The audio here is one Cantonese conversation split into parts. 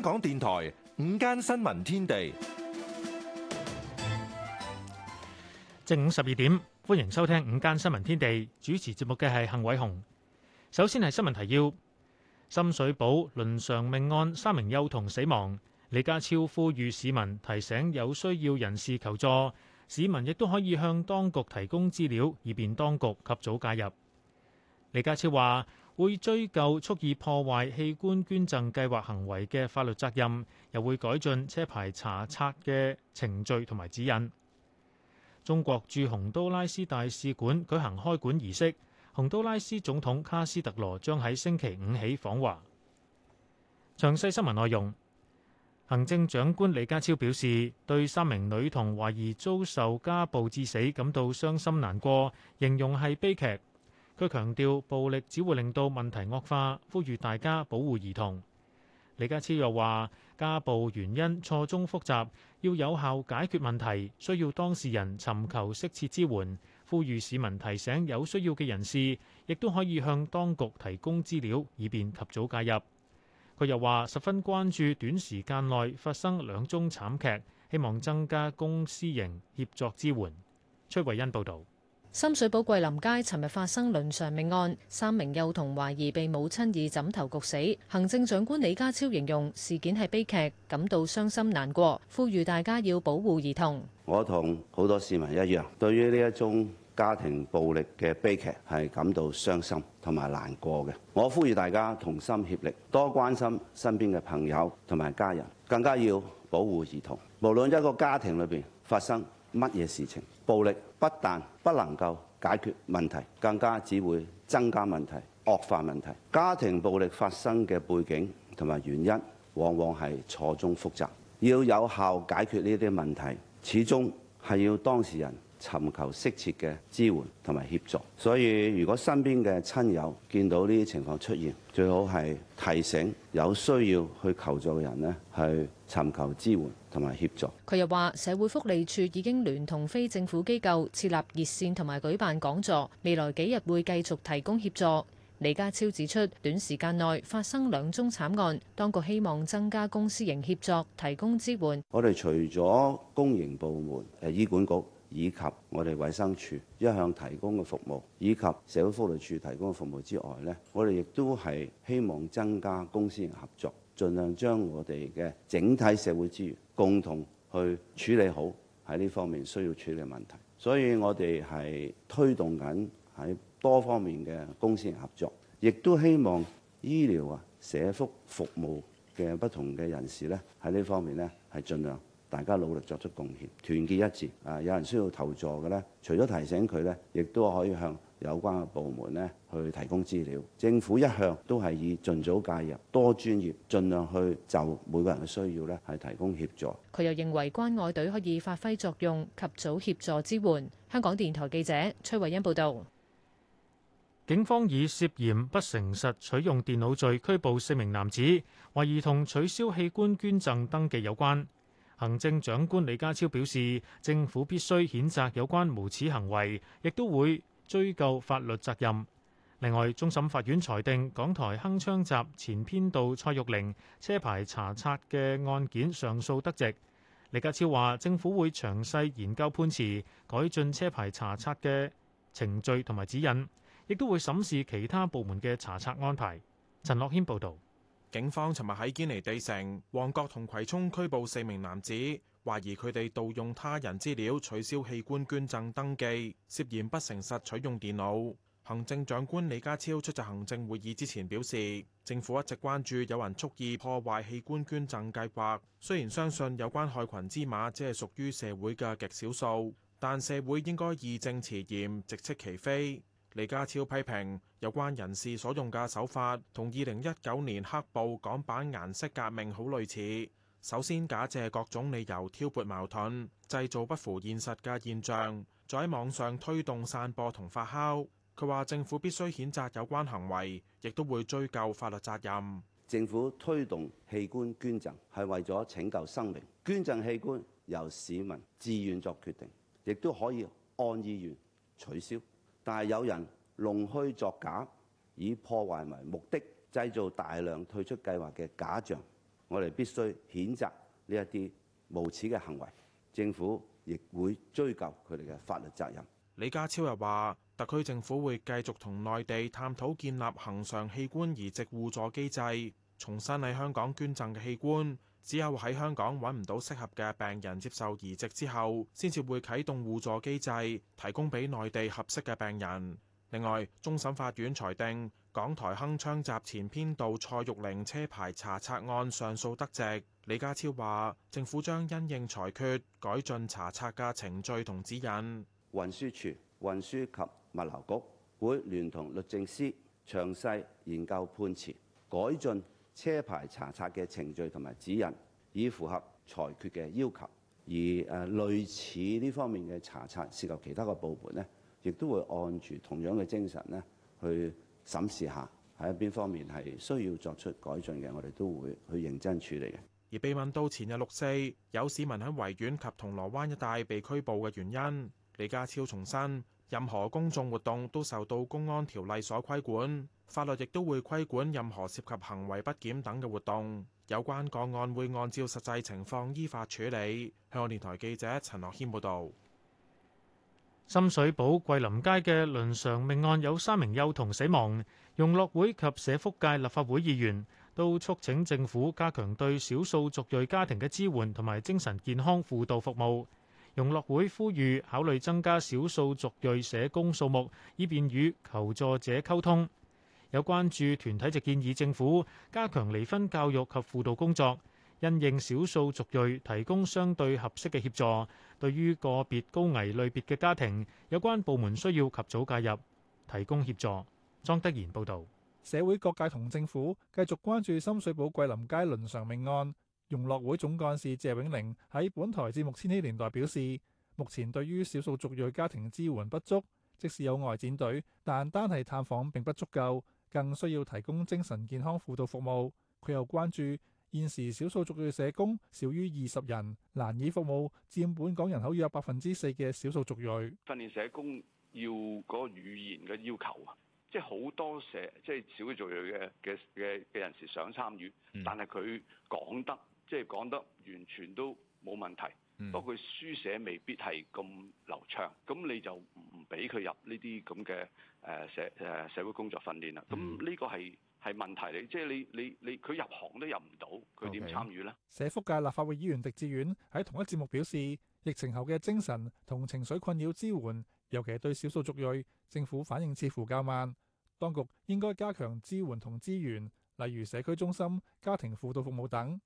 香港電台午間新聞天地，正午十二點，歡迎收聽午間新聞天地。主持節目嘅係幸偉雄。首先係新聞提要：深水埗倫常命案，三名幼童死亡。李家超呼籲市民提醒有需要人士求助，市民亦都可以向當局提供資料，以便當局及早介入。李家超話。會追究蓄意破壞器官捐贈計劃行為嘅法律責任，又會改進車牌查冊嘅程序同埋指引。中國駐洪都拉斯大使館舉行開館儀式，洪都拉斯總統卡斯特羅將喺星期五起訪華。詳細新聞內容，行政長官李家超表示，對三名女童懷疑遭受家暴致死感到傷心難過，形容係悲劇。佢強調，暴力只會令到問題惡化，呼籲大家保護兒童。李家超又話：家暴原因錯綜複雜，要有效解決問題，需要當事人尋求適切支援。呼籲市民提醒有需要嘅人士，亦都可以向當局提供資料，以便及早介入。佢又話：十分關注短時間內發生兩宗慘劇，希望增加公私營協作支援。崔慧恩報導。深水埗桂林街尋日發生倫常命案，三名幼童懷疑被母親以枕頭焗死。行政長官李家超形容事件係悲劇，感到傷心難過，呼籲大家要保護兒童。我同好多市民一樣，對於呢一宗家庭暴力嘅悲劇係感到傷心同埋難過嘅。我呼籲大家同心協力，多關心身邊嘅朋友同埋家人，更加要保護兒童。無論一個家庭裏邊發生乜嘢事情，暴力不但不能夠解決問題，更加只會增加問題、惡化問題。家庭暴力發生嘅背景同埋原因，往往係錯綜複雜，要有效解決呢啲問題始終係要當事人，尋求適切嘅支援同埋協助，所以如果身邊嘅親友見到呢啲情況出現，最好係提醒有需要去求助嘅人咧，去尋求支援同埋協助。佢又話，社會福利署已經聯同非政府機構設立熱線同埋舉辦講座，未來幾日會繼續提供協助。李家超指出，短時間內發生兩宗慘案，當局希望增加公私營協作，提供支援。我哋除咗公營部門誒、呃、醫管局以及我哋衛生署一向提供嘅服務，以及社會福利署提供嘅服務之外咧，我哋亦都係希望增加公私營合作，盡量將我哋嘅整體社會資源共同去處理好喺呢方面需要處理嘅問題。所以我哋係推動緊喺多方面嘅公私合作，亦都希望醫療啊、社福服務嘅不同嘅人士咧，喺呢方面咧係盡量大家努力作出貢獻，團結一致啊！有人需要救助嘅咧，除咗提醒佢咧，亦都可以向有關嘅部門咧去提供資料。政府一向都係以盡早介入、多專業，盡量去就每個人嘅需要咧係提供協助。佢又認為關愛隊可以發揮作用，及早協助支援。香港電台記者崔慧欣報道。警方以涉嫌不誠實取用電腦罪拘捕四名男子，懷疑同取消器官捐贈登記有關。行政長官李家超表示，政府必須譴責有關無恥行為，亦都會追究法律責任。另外，終審法院裁定港台《鏗鏘集》前編導蔡玉玲車牌查冊嘅案件上訴得直。李家超話，政府會詳細研究判詞，改進車牌查冊嘅程序同埋指引。亦都會審視其他部門嘅查冊安排。陳樂軒報道，警方尋日喺堅尼地城、旺角同葵涌拘捕四名男子，懷疑佢哋盜用他人資料取消器官捐贈登記，涉嫌不誠實取用電腦。行政長官李家超出席行政會議之前表示，政府一直關注有人蓄意破壞器官捐贈計劃。雖然相信有關害群之馬只係屬於社會嘅極少數，但社會應該義正辭嚴，直斥其非。李家超批評有關人士所用嘅手法同二零一九年黑暴港版顏色革命好類似，首先假借各種理由挑撥矛盾，製造不符現實嘅現象，再喺網上推動散播同發酵。佢話政府必須譴責有關行為，亦都會追究法律責任。政府推動器官捐贈係為咗拯救生命，捐贈器官由市民自願作決定，亦都可以按意願取消。但係有人弄虛作假，以破壞為目的，製造大量退出計劃嘅假象，我哋必須譴責呢一啲無恥嘅行為，政府亦會追究佢哋嘅法律責任。李家超又話，特區政府會繼續同內地探討建立恒常器官移植互助機制，重新喺香港捐贈嘅器官。只有喺香港揾唔到適合嘅病人接受移植之後先至會啟動互助機制，提供俾內地合適嘅病人。另外，終審法院裁定港台《鏗鏘集》前編導蔡玉玲車牌查冊案上訴得直。李家超話政府將因應裁決改進查冊嘅程序同指引。運輸署、運輸及物流局會聯同律政司詳細研究判詞改進。車牌查冊嘅程序同埋指引已符合裁決嘅要求，而誒，類似呢方面嘅查冊，涉及其他嘅部門呢，亦都會按住同樣嘅精神呢去審視下喺邊方面係需要作出改進嘅，我哋都會去認真處理嘅。而被問到前日六四有市民喺維園及銅鑼灣一帶被拘捕嘅原因，李家超重申，任何公眾活動都受到公安條例所規管。法律亦都會規管任何涉及行為不檢等嘅活動，有關個案會按照實際情況依法處理。香港電台記者陳樂軒報導。深水埗桂林街嘅倫常命案有三名幼童死亡。融樂會及社福界立法會議員都促請政府加強對少數族裔家庭嘅支援同埋精神健康輔導服務。融樂會呼籲考慮增加少數族裔社工數目，以便與求助者溝通。有關注團體就建議政府加強離婚教育及輔導工作，因應少數族裔提供相對合適嘅協助。對於個別高危類別嘅家庭，有關部門需要及早介入，提供協助。莊德賢報導。社會各界同政府繼續關注深水埗桂林街倫常命案。融樂會總幹事謝永玲喺本台節目千禧年代表示，目前對於少數族裔家庭支援不足，即使有外展隊，但單係探訪並不足夠。更需要提供精神健康輔導服務。佢又關注現時少數族裔社工少於二十人，難以服務佔本港人口約百分之四嘅少數族裔。訓練社工要個語言嘅要求，啊，即係好多社即係少數族裔嘅嘅嘅嘅人士想參與，但係，佢講得即係講得完全都冇問題。不過佢書寫未必係咁流暢，咁你就唔俾佢入呢啲咁嘅誒社誒社會工作訓練啦。咁呢個係係問題嚟，即係你你你佢入行都入唔到，佢點參與呢？Okay. 社福界立法會議員狄志遠喺同一節目表示，疫情後嘅精神同情緒困擾支援，尤其對少數族裔，政府反應似乎較慢。當局應該加強支援同資源，例如社區中心、家庭輔導服務等。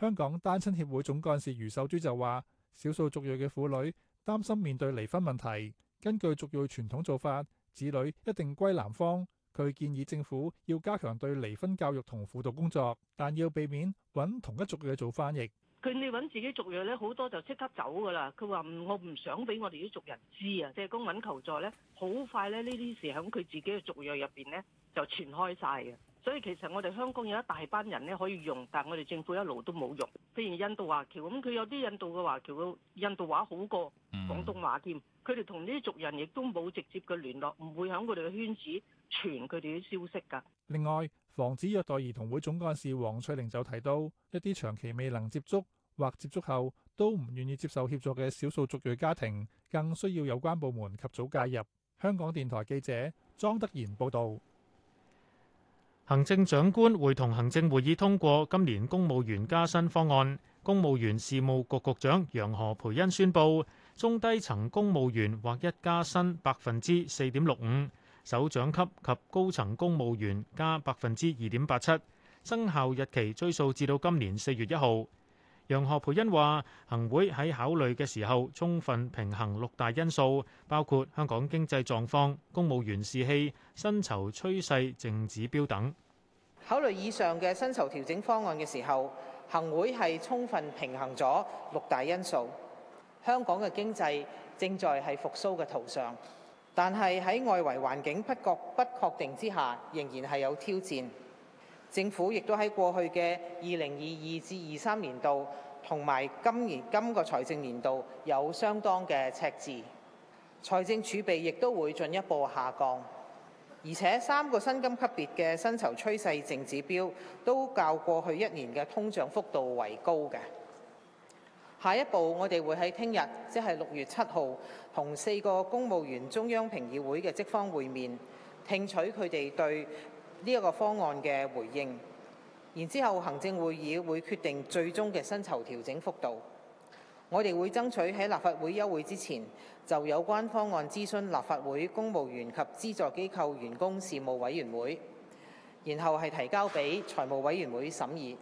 香港單親協會總幹事余秀珠就話。少數族裔嘅婦女擔心面對離婚問題。根據族裔傳統做法，子女一定歸男方。佢建議政府要加強對離婚教育同輔導工作，但要避免揾同一族裔做翻譯。佢哋揾自己族裔咧，好多就即刻走㗎喇。佢話唔，我唔想俾我哋啲族人知啊。即係、就是、公揾求助咧，好快咧，呢啲事喺佢自己嘅族裔入邊咧就傳開晒嘅。所以其實我哋香港有一大班人咧可以用，但我哋政府一路都冇用。譬如印度華僑咁，佢有啲印度嘅華僑嘅印度話好過廣東話添，佢哋同呢啲族人亦都冇直接嘅聯絡，唔會喺我哋嘅圈子傳佢哋啲消息㗎。另外，防止虐待兒童會總幹事黃翠玲就提到，一啲長期未能接觸或接觸後都唔願意接受協助嘅少數族裔家庭，更需要有關部門及早介入。香港電台記者莊德賢報導。行政長官會同行政會議通過今年公務員加薪方案，公務員事務局局長楊何蓓茵宣布，中低層公務員獲一加薪百分之四點六五，首長級及高層公務員加百分之二點八七，生效日期追溯至到今年四月一號。楊何蓓茵話：行會喺考慮嘅時候，充分平衡六大因素，包括香港經濟狀況、公務員士氣、薪酬趨勢、淨指標等。考慮以上嘅薪酬調整方案嘅時候，行會係充分平衡咗六大因素。香港嘅經濟正在係復蘇嘅途上，但係喺外圍環境不確不確定之下，仍然係有挑戰。政府亦都喺過去嘅二零二二至二三年度同埋今年今個財政年度有相當嘅赤字，財政儲備亦都會進一步下降，而且三個薪金級別嘅薪酬趨勢淨指標都較過去一年嘅通脹幅度為高嘅。下一步我哋會喺聽、就是、日，即係六月七號，同四個公務員中央評議會嘅職方會面，聽取佢哋對，呢一個方案嘅回應，然之後行政會議會決定最終嘅薪酬調整幅度。我哋會爭取喺立法會休會之前，就有關方案諮詢立法會公務員及資助機構員工事務委員會，然後係提交俾財務委員會審議。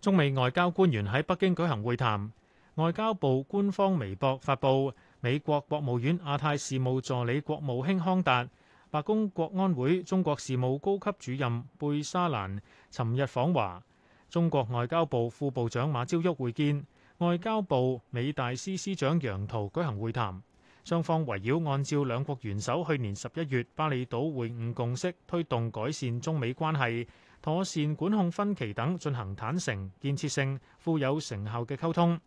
中美外交官員喺北京舉行會談，外交部官方微博發布，美國國務院亞太事務助理國務卿康達。白宮國安會中國事務高級主任貝沙蘭尋日訪華，中國外交部副部長馬朝旭會見外交部美大司司長楊濤舉行會談，雙方圍繞按照兩國元首去年十一月巴厘島會晤共識，推動改善中美關係、妥善管控分歧等，進行坦誠、建設性、富有成效嘅溝通。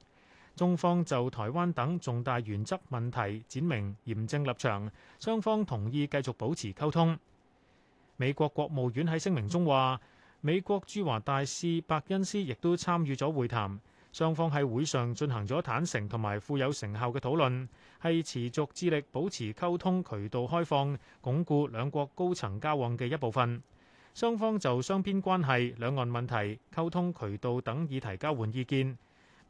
中方就台灣等重大原則問題展明嚴正立場，雙方同意繼續保持溝通。美國國務院喺聲明中話，美國駐華大使伯恩斯亦都參與咗會談，雙方喺會上進行咗坦誠同埋富有成效嘅討論，係持續致力保持溝通渠道開放、鞏固兩國高層交往嘅一部分。雙方就雙邊關係、兩岸問題、溝通渠道等議題交換意見。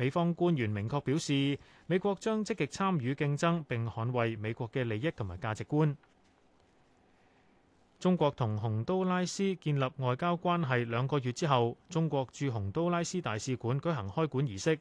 美方官員明確表示，美國將積極參與競爭並捍衛美國嘅利益同埋價值觀。中國同洪都拉斯建立外交關係兩個月之後，中國駐洪都拉斯大使館舉行開館儀式。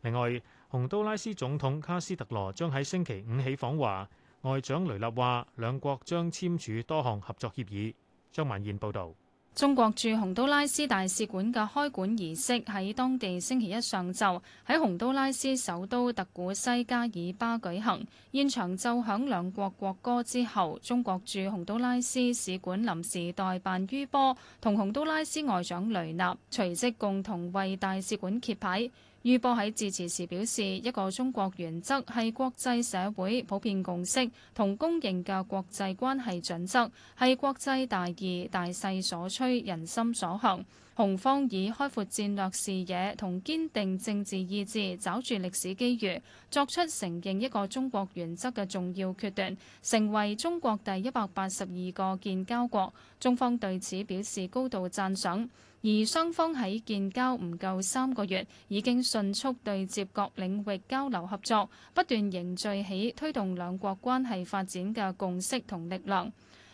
另外，洪都拉斯總統卡斯特羅將喺星期五起訪華，外長雷立話兩國將簽署多項合作協議，張文燕報道。中國駐洪都拉斯大使館嘅開館儀式喺當地星期一上晝喺洪都拉斯首都特古西加爾巴舉行，現場奏響兩國國歌之後，中國駐洪都拉斯使館臨時代辦于波同洪都拉斯外長雷納隨即共同為大使館揭牌。預報喺致辭時表示，一個中國原則係國際社會普遍共識同公認嘅國際關係準則，係國際大義大勢所趨、人心所向。紅方以開闊戰略視野同堅定政治意志，抓住歷史機遇，作出承認一個中國原則嘅重要決斷，成為中國第一百八十二個建交國。中方對此表示高度讚賞。而雙方喺建交唔夠三個月，已經迅速對接各領域交流合作，不斷凝聚起推動兩國關係發展嘅共識同力量。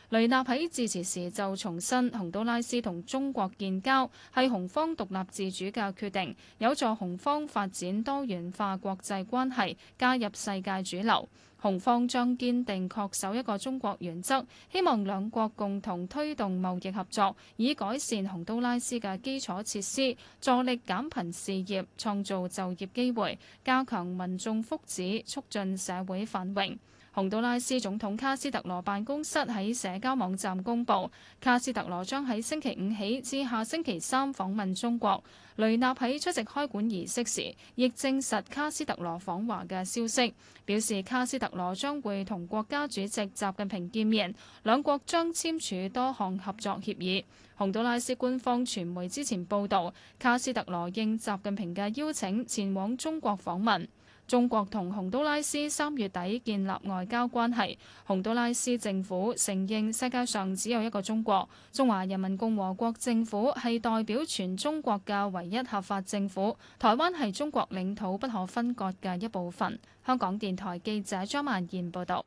雷納喺致辭時就重申，洪都拉斯同中國建交，係洪方獨立自主嘅決定，有助洪方發展多元化國際關係，加入世界主流。洪方將堅定恪守一個中國原則，希望兩國共同推動貿易合作，以改善洪都拉斯嘅基礎設施，助力減貧事業，創造就業機會，加強民眾福祉，促進社會繁榮。洪都拉斯總統卡斯特羅辦公室喺社交網站公布，卡斯特羅將喺星期五起至下星期三訪問中國。雷納喺出席開館儀式時，亦證實卡斯特羅訪華嘅消息，表示卡斯特羅將會同國家主席習近平見面，兩國將簽署多項合作協議。洪都拉斯官方傳媒之前報導，卡斯特羅應習近平嘅邀請前往中國訪問。中國同洪都拉斯三月底建立外交關係，洪都拉斯政府承認世界上只有一個中國，中華人民共和國政府係代表全中國嘅唯一合法政府，台灣係中國領土不可分割嘅一部分。香港電台記者張曼燕報道。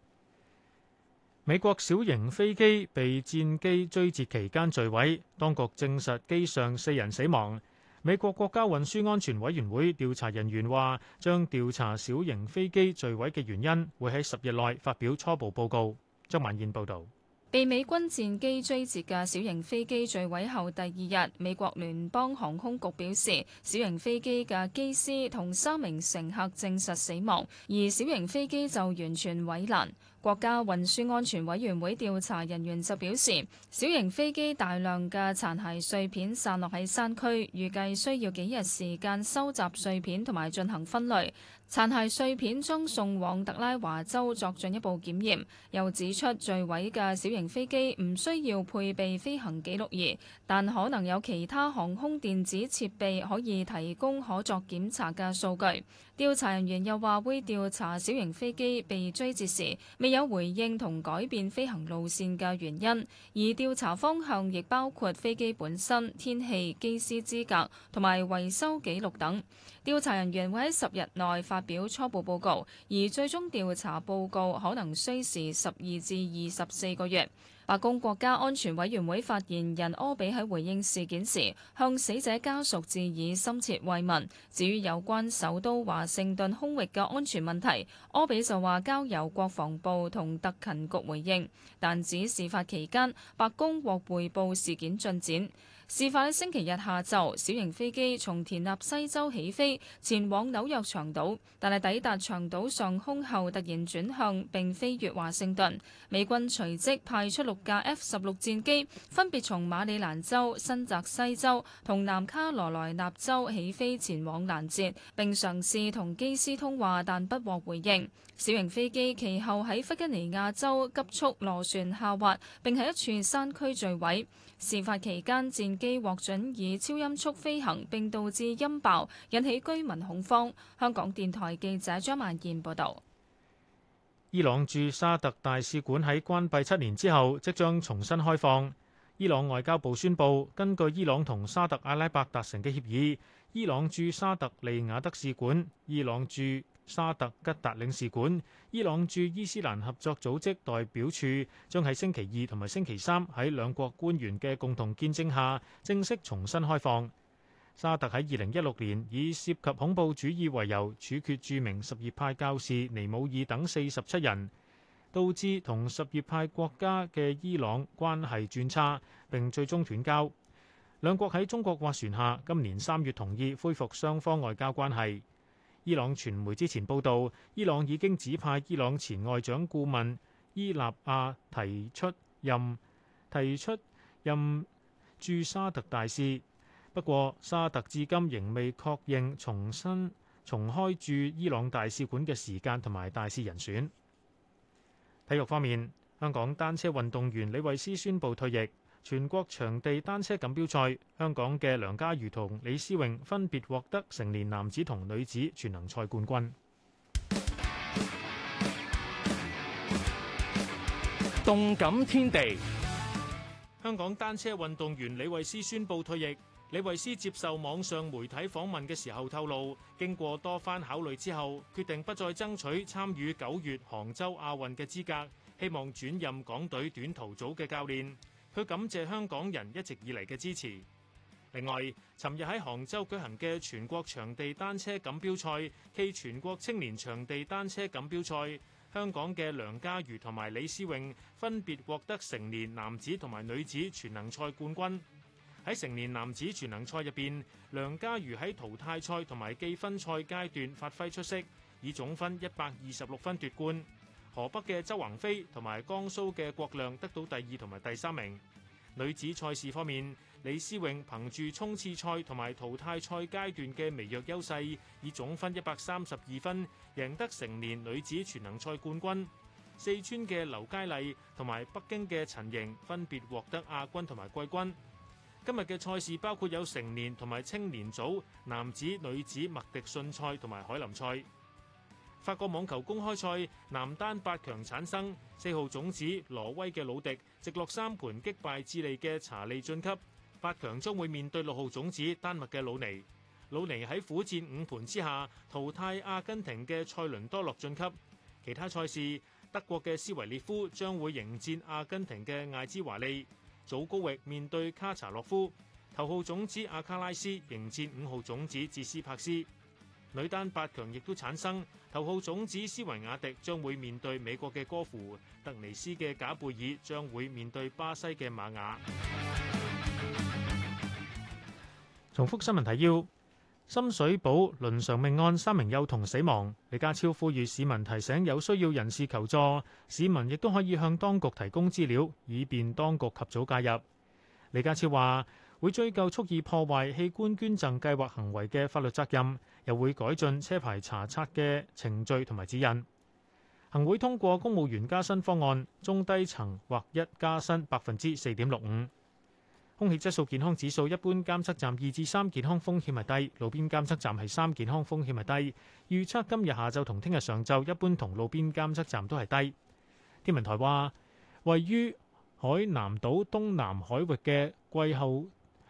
美國小型飛機被戰機追截期間墜毀，當局證實機上四人死亡。美國國家運輸安全委員會調查人員話，將調查小型飛機墜毀嘅原因，會喺十日內發表初步報告。張曼燕報道，被美軍戰機追截嘅小型飛機墜毀後第二日，美國聯邦航空局表示，小型飛機嘅機師同三名乘客證實死亡，而小型飛機就完全毀爛。國家運輸安全委員會調查人員就表示，小型飛機大量嘅殘骸碎片散落喺山區，預計需要幾日時間收集碎片同埋進行分類。殘骸碎片將送往特拉華州作進一步檢驗。又指出，墜毀嘅小型飛機唔需要配備飛行記錄儀，但可能有其他航空電子設備可以提供可作檢查嘅數據。調查人員又話會調查小型飛機被追截時未有。有回應同改變飛行路線嘅原因，而調查方向亦包括飛機本身、天氣、機師資格同埋維修記錄等。調查人員會喺十日內發表初步報告，而最終調查報告可能需時十二至二十四個月。白宮國家安全委員會發言人柯比喺回應事件時，向死者家屬致以深切慰問。至於有關首都華盛頓空域嘅安全問題，柯比就話交由國防部同特勤局回應。但指事發期間，白宮獲匯報事件進展。事發喺星期日下晝，小型飛機從田納西州起飛，前往紐約長島，但係抵達長島上空後突然轉向，並飛越華盛頓。美軍隨即派出六架 F 十六戰機，分別從馬里蘭州、新澤西州同南卡羅來納州起飛前往攔截，並嘗試同機師通話，但不獲回應。小型飛機其後喺弗吉尼亞州急速螺旋下滑，並喺一處山區墜毀。事發期間戰。機獲准以超音速飛行，並導致音爆，引起居民恐慌。香港電台記者張曼燕報道。伊朗駐沙特大使館喺關閉七年之後，即將重新開放。伊朗外交部宣布，根據伊朗同沙特阿拉伯達成嘅協議，伊朗駐沙特利雅德使館，伊朗駐沙特吉達領事館、伊朗駐伊斯蘭合作組織代表處將喺星期二同埋星期三喺兩國官員嘅共同見證下，正式重新開放。沙特喺二零一六年以涉及恐怖主義為由處決著名什葉派教士尼姆爾等四十七人，導致同什葉派國家嘅伊朗關係轉差，並最終斷交。兩國喺中國斡旋下，今年三月同意恢復雙方外交關係。伊朗傳媒之前報道，伊朗已經指派伊朗前外長顧問伊納亞提出任提出任駐沙特大使。不過，沙特至今仍未確認重新重開駐伊朗大使館嘅時間同埋大使人選。體育方面，香港單車運動員李慧詩宣布退役。全國場地單車錦標賽，香港嘅梁家如同李思穎分別獲得成年男子同女子全能賽冠軍。動感天地，香港單車運動員李慧詩宣布退役。李慧詩接受網上媒體訪問嘅時候透露，經過多番考慮之後，決定不再爭取參與九月杭州亞運嘅資格，希望轉任港隊短途組嘅教練。佢感謝香港人一直以嚟嘅支持。另外，尋日喺杭州舉行嘅全國場地單車錦標賽暨全國青年場地單車錦標賽，香港嘅梁家瑜同埋李思穎分別獲得成年男子同埋女子全能賽冠軍。喺成年男子全能賽入邊，梁家瑜喺淘汰賽同埋記分賽階段發揮出色，以總分一百二十六分奪冠。河北嘅周宏飛同埋江蘇嘅郭亮得到第二同埋第三名。女子賽事方面，李思穎憑住衝刺賽同埋淘汰賽階段嘅微弱優勢，以總分一百三十二分，贏得成年女子全能賽冠軍。四川嘅劉佳麗同埋北京嘅陳瑩分別獲得亞軍同埋季軍。今日嘅賽事包括有成年同埋青年組男子、女子麥迪遜賽同埋海林賽。法國網球公開賽男單八強產生，四號種子挪威嘅魯迪直落三盤擊敗智利嘅查理晉級。八強將會面對六號種子丹麥嘅魯尼，魯尼喺苦戰五盤之下淘汰阿根廷嘅塞倫多洛晉級。其他賽事，德國嘅斯維列夫將會迎戰阿根廷嘅艾茲華利，祖高域面對卡查洛夫。頭號種子阿卡拉斯迎戰五號種子智斯帕斯。女單八強亦都產生，頭號種子斯維亞迪將會面對美國嘅戈芙，突尼斯嘅賈貝爾將會面對巴西嘅瑪雅。重複新聞提要：深水埗倫常命案三名幼童死亡，李家超呼籲市民提醒有需要人士求助，市民亦都可以向當局提供資料，以便當局及早介入。李家超話。會追究蓄意破壞器官捐贈計劃行為嘅法律責任，又會改進車牌查冊嘅程序同埋指引。行會通過公務員加薪方案，中低層獲一加薪百分之四點六五。空氣質素健康指數，一般監測站二至三，健康風險係低，路邊監測站係三，健康風險係低。預測今日下晝同聽日上晝一般同路邊監測站都係低。天文台話，位於海南島東南海域嘅季候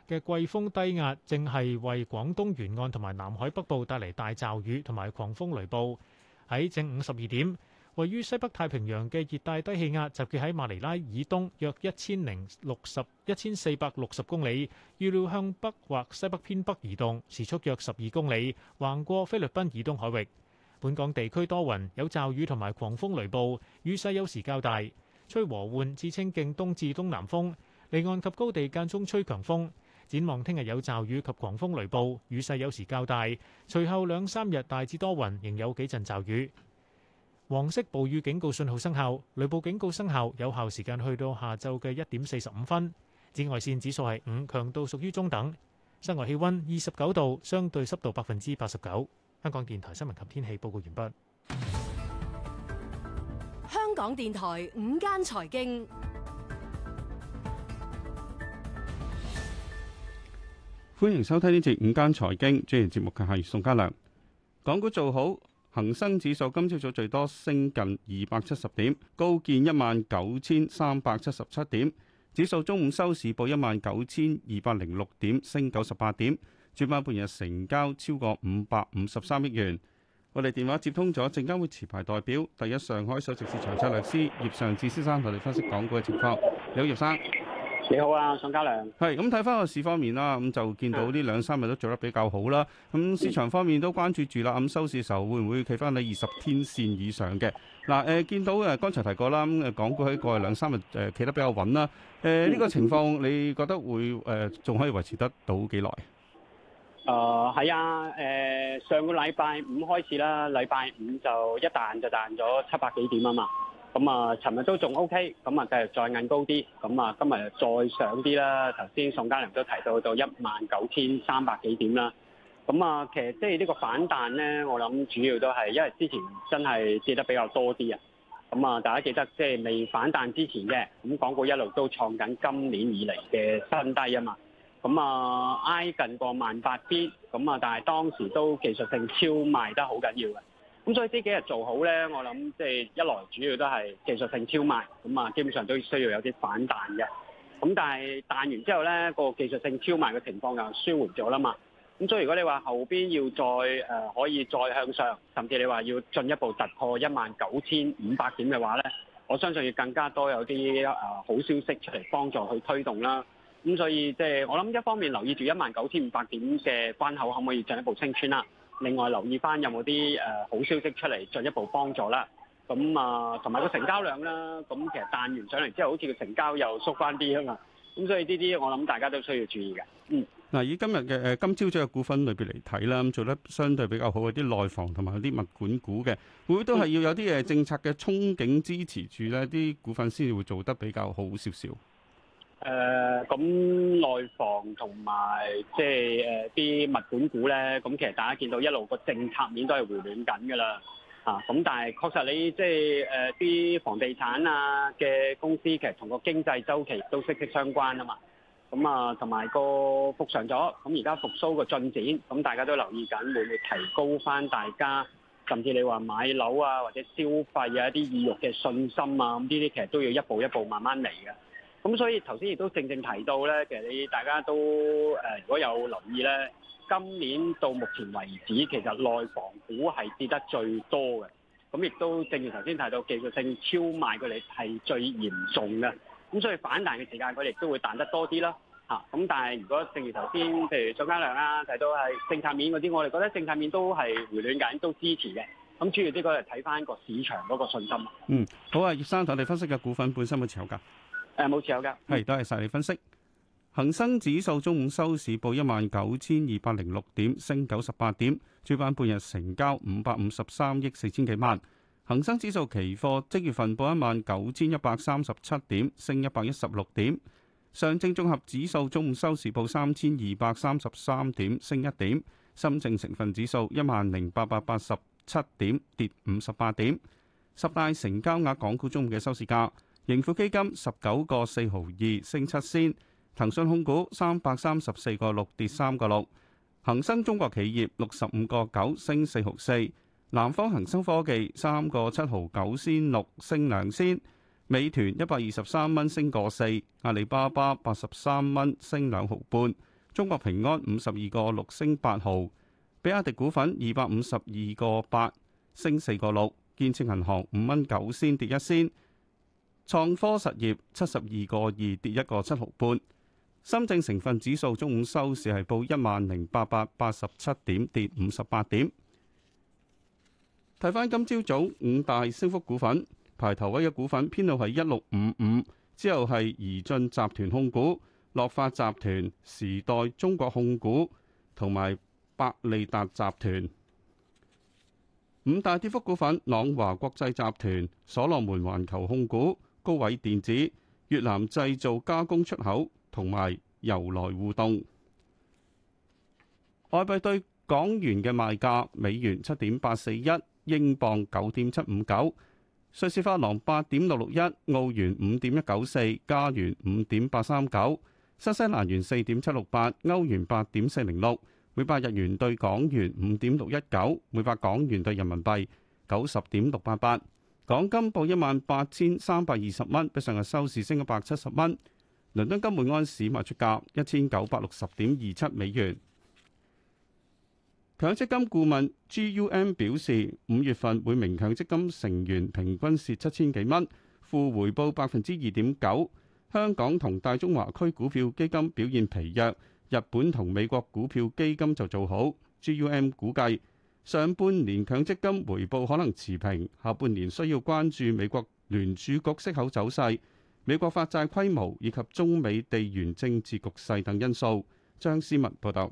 嘅季風低壓正係為廣東沿岸同埋南海北部帶嚟大驟雨同埋狂風雷暴。喺正午十二點，位於西北太平洋嘅熱帶低氣壓集結喺馬尼拉以東約一千零六十一千四百六十公里，預料向北或西北偏北移動，時速約十二公里，橫過菲律賓以東海域。本港地區多雲有驟雨同埋狂風雷暴，雨勢有時較大，吹和緩至清勁東至東南風，離岸及高地間中吹強風。展望聽日有驟雨及狂風雷暴，雨勢有時較大。隨後兩三日大致多雲，仍有幾陣驟雨。黃色暴雨警告信號生效，雷暴警告生效，有效時間去到下晝嘅一點四十五分。紫外線指數係五，強度屬於中等。室外氣温二十九度，相對濕度百分之八十九。香港電台新聞及天氣報告完畢。香港電台午間財經。歡迎收聽呢節午間財經，主持節目嘅係宋嘉良。港股做好，恒生指數今朝早最多升近二百七十點，高見一萬九千三百七十七點。指數中午收市報一萬九千二百零六點，升九十八點。主板半日成交超過五百五十三億元。我哋電話接通咗證監會持牌代表、第一上海首席市場策略師葉尚志先生，同你分析港股嘅情況。你好，葉生。幾好啊，宋嘉良。係咁睇翻個市方面啦，咁就見到呢兩三日都做得比較好啦。咁市場方面都關注住啦，咁收市嘅時候會唔會企翻你二十天線以上嘅？嗱，誒、呃，見到誒剛才提過啦，咁誒港股喺過去兩三日誒企得比較穩啦。誒、呃，呢、這個情況你覺得會誒仲、呃、可以維持得到幾耐？誒、呃，係啊，誒、呃，上個禮拜五開始啦，禮拜五就一彈就彈咗七百幾點啊嘛。咁啊，尋日都仲 OK，咁啊，繼續再硬高啲，咁啊，今日再上啲啦。頭先宋嘉良都提到到一萬九千三百幾點啦。咁啊，其實即係呢個反彈咧，我諗主要都係因為之前真係跌得比較多啲啊。咁啊，大家記得即係未反彈之前嘅，咁港股一路都創緊今年以嚟嘅新低啊嘛。咁啊，挨近過萬八啲，咁啊，但係當時都技術性超賣得好緊要嘅。咁所以呢幾日做好咧，我諗即係一來主要都係技術性超賣，咁啊，基本上都需要有啲反彈嘅。咁但係彈完之後咧，個技術性超賣嘅情況又舒緩咗啦嘛。咁所以如果你話後邊要再誒、呃、可以再向上，甚至你話要進一步突破一萬九千五百點嘅話咧，我相信要更加多有啲誒好消息出嚟幫助去推動啦。咁所以即係我諗一方面留意住一萬九千五百點嘅關口可唔可以進一步清穿啦。另外留意翻有冇啲誒好消息出嚟，進一步幫助啦。咁啊，呃、同埋個成交量啦。咁其實彈完上嚟之後，好似個成交又縮翻啲啊嘛。咁所以呢啲我諗大家都需要注意嘅。嗯，嗱以今日嘅誒、呃、今朝早嘅股份裏邊嚟睇啦，咁做得相對比較好嘅啲內房同埋啲物管股嘅，會都係要有啲誒政策嘅憧憬支持住咧，啲股份先會做得比較好少少。誒咁、呃、內房同埋即係誒啲物管股咧，咁其實大家見到一路個政策面都係回暖緊噶啦，啊咁但係確實你即係誒啲房地產啊嘅公司，其實同個經濟周期都息息相關啊嘛。咁啊同埋個復常咗，咁而家復甦個進展，咁大家都留意緊會唔會提高翻大家甚至你話買樓啊或者消費啊一啲意欲嘅信心啊，咁呢啲其實都要一步一步慢慢嚟嘅。咁所以頭先亦都正正提到咧，其實你大家都誒、呃、如果有留意咧，今年到目前為止，其實內房股係跌得最多嘅。咁亦都正如頭先提到，技術性超賣佢哋係最嚴重嘅。咁所以反彈嘅時間，佢哋都會彈得多啲啦。嚇、啊！咁但係如果正如頭先，譬如張家良啊提到係政策面嗰啲，我哋覺得政策面都係回暖緊，都支持嘅。咁主要呢個係睇返個市場嗰個信心。嗯，好啊，葉生同我哋分析嘅股份本身嘅持有價。誒，冇持有嘅。係，多謝晒你分析。恒生指數中午收市報一萬九千二百零六點，升九十八點。主板半日成交五百五十三億四千幾萬。恒生指數期貨即月份報一萬九千一百三十七點，升一百一十六點。上證綜合指數中午收市報三千二百三十三點，升一點。深證成分指數一萬零八百八十七點，跌五十八點。十大成交額港股中午嘅收市價。盈富基金十九個四毫二升七仙，騰訊控股三百三十四個六跌三個六，恒生中國企業六十五個九升四毫四，南方恒生科技三個七毫九仙六升兩仙，美團一百二十三蚊升個四，阿里巴巴八十三蚊升兩毫半，中國平安五十二個六升八毫，比亞迪股份二百五十二個八升四個六，建設銀行五蚊九仙跌一仙。創科實業七十二個二跌一個七毫半，深證成分指數中午收市係報一萬零八百八十七點，跌五十八點。睇翻今朝早，早五大升幅股份，排頭位嘅股份編號係一六五五，之後係宜進集團控股、樂發集團、時代中國控股同埋百利達集團。五大跌幅股份：朗華國際集團、所羅門環球控股。高位電子、越南製造加工出口同埋由來互動。外幣對港元嘅賣價：美元七點八四一，英鎊九點七五九，瑞士法郎八點六六一，澳元五點一九四，加元五點八三九，新西蘭元四點七六八，歐元八點四零六，每百日元對港元五點六一九，每百港元對人民幣九十點六八八。港金報一萬八千三百二十蚊，比上日收市升一百七十蚊。倫敦金每安士賣出價一千九百六十點二七美元。強積金顧問 GUM 表示，五月份每名強積金成員平均蝕七千幾蚊，負回報百分之二點九。香港同大中華區股票基金表現疲弱，日本同美國股票基金就做好。GUM 估計。上半年強積金回報可能持平，下半年需要關注美國聯儲局息口走勢、美國發債規模以及中美地緣政治局勢等因素。張思文報導。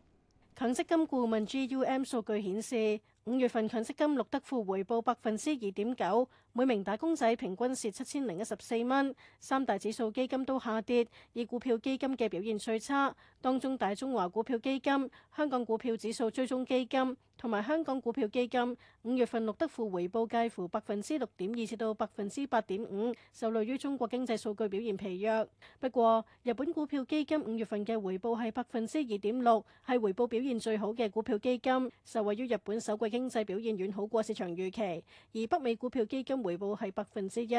強積金顧問 GUM 數據顯示，五月份強積金錄得負回報百分之二點九，每名打工仔平均蝕七千零一十四蚊。三大指數基金都下跌，以股票基金嘅表現最差。當中大中華股票基金、香港股票指數追蹤基金同埋香港股票基金，五月份錄得負回報介乎百分之六點二至到百分之八點五，受累於中國經濟數據表現疲弱。不過，日本股票基金五月份嘅回報係百分之二點六，係回報表現最好嘅股票基金，受惠於日本首季經濟表現遠好過市場預期，而北美股票基金回報係百分之一。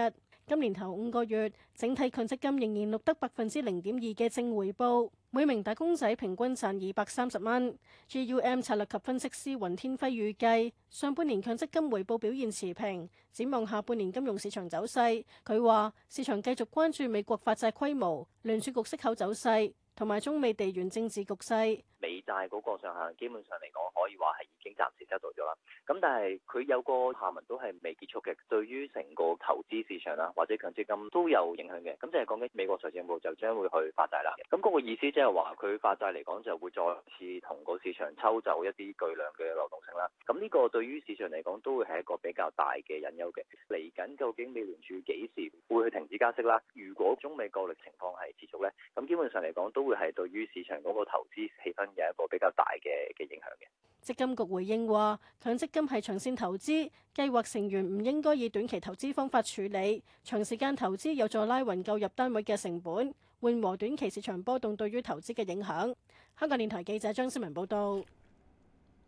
今年頭五個月，整體強積金仍然錄得百分之零點二嘅正回報，每名打工仔平均賺二百三十蚊。GUM 策略及分析師雲天輝預計，上半年強積金回報表現持平，展望下半年金融市場走勢，佢話市場繼續關注美國發債規模、聯儲局息口走勢。同埋中美地緣政治局勢，美債嗰個上限基本上嚟講可以話係已經暫時收到咗啦。咁但係佢有個下文都係未結束嘅，對於成個投資市場啊或者強積金都有影響嘅。咁就係講緊美國財政部就將會去發債啦。咁嗰個意思即係話佢發債嚟講就會再次同個市場抽走一啲巨量嘅流動性啦。咁呢個對於市場嚟講都會係一個比較大嘅隱憂嘅。嚟緊究竟美聯儲幾時會去停止加息啦？如果中美角力情況係持續咧，咁基本上嚟講都。會係對於市場嗰個投資氣氛嘅一個比較大嘅嘅影響嘅。積金局回應話，強積金係長線投資，計劃成員唔應該以短期投資方法處理。長時間投資有助拉勻購入單位嘅成本，緩和短期市場波動對於投資嘅影響。香港電台記者張思文報道。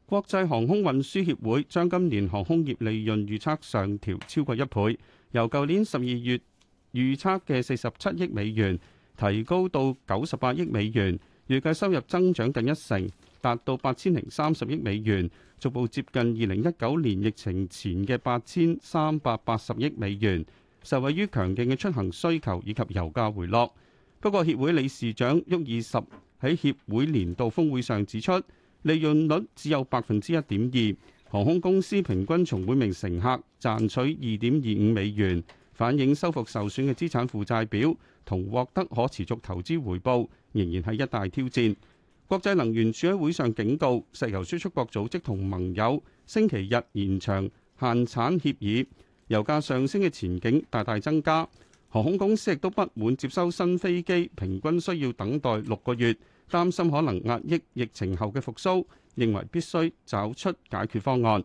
國際航空運輸協會將今年航空業利潤預測上調超過一倍，由舊年十二月預測嘅四十七億美元，提高到九十八億美元，預計收入增長近一成，達到八千零三十億美元，逐步接近二零一九年疫情前嘅八千三百八十億美元，受惠於強勁嘅出行需求以及油價回落。不過協會理事長沃爾什喺協會年度峰會上指出，利潤率只有百分之一點二，航空公司平均從每名乘客賺取二點二五美元，反映收復受損嘅資產負債表同獲得可持續投資回報仍然係一大挑戰。國際能源署喺會上警告石油輸出國組織同盟友星期日延長限產協議，油價上升嘅前景大大增加。航空公司亦都不滿接收新飛機，平均需要等待六個月，擔心可能壓抑疫情後嘅復甦，認為必須找出解決方案。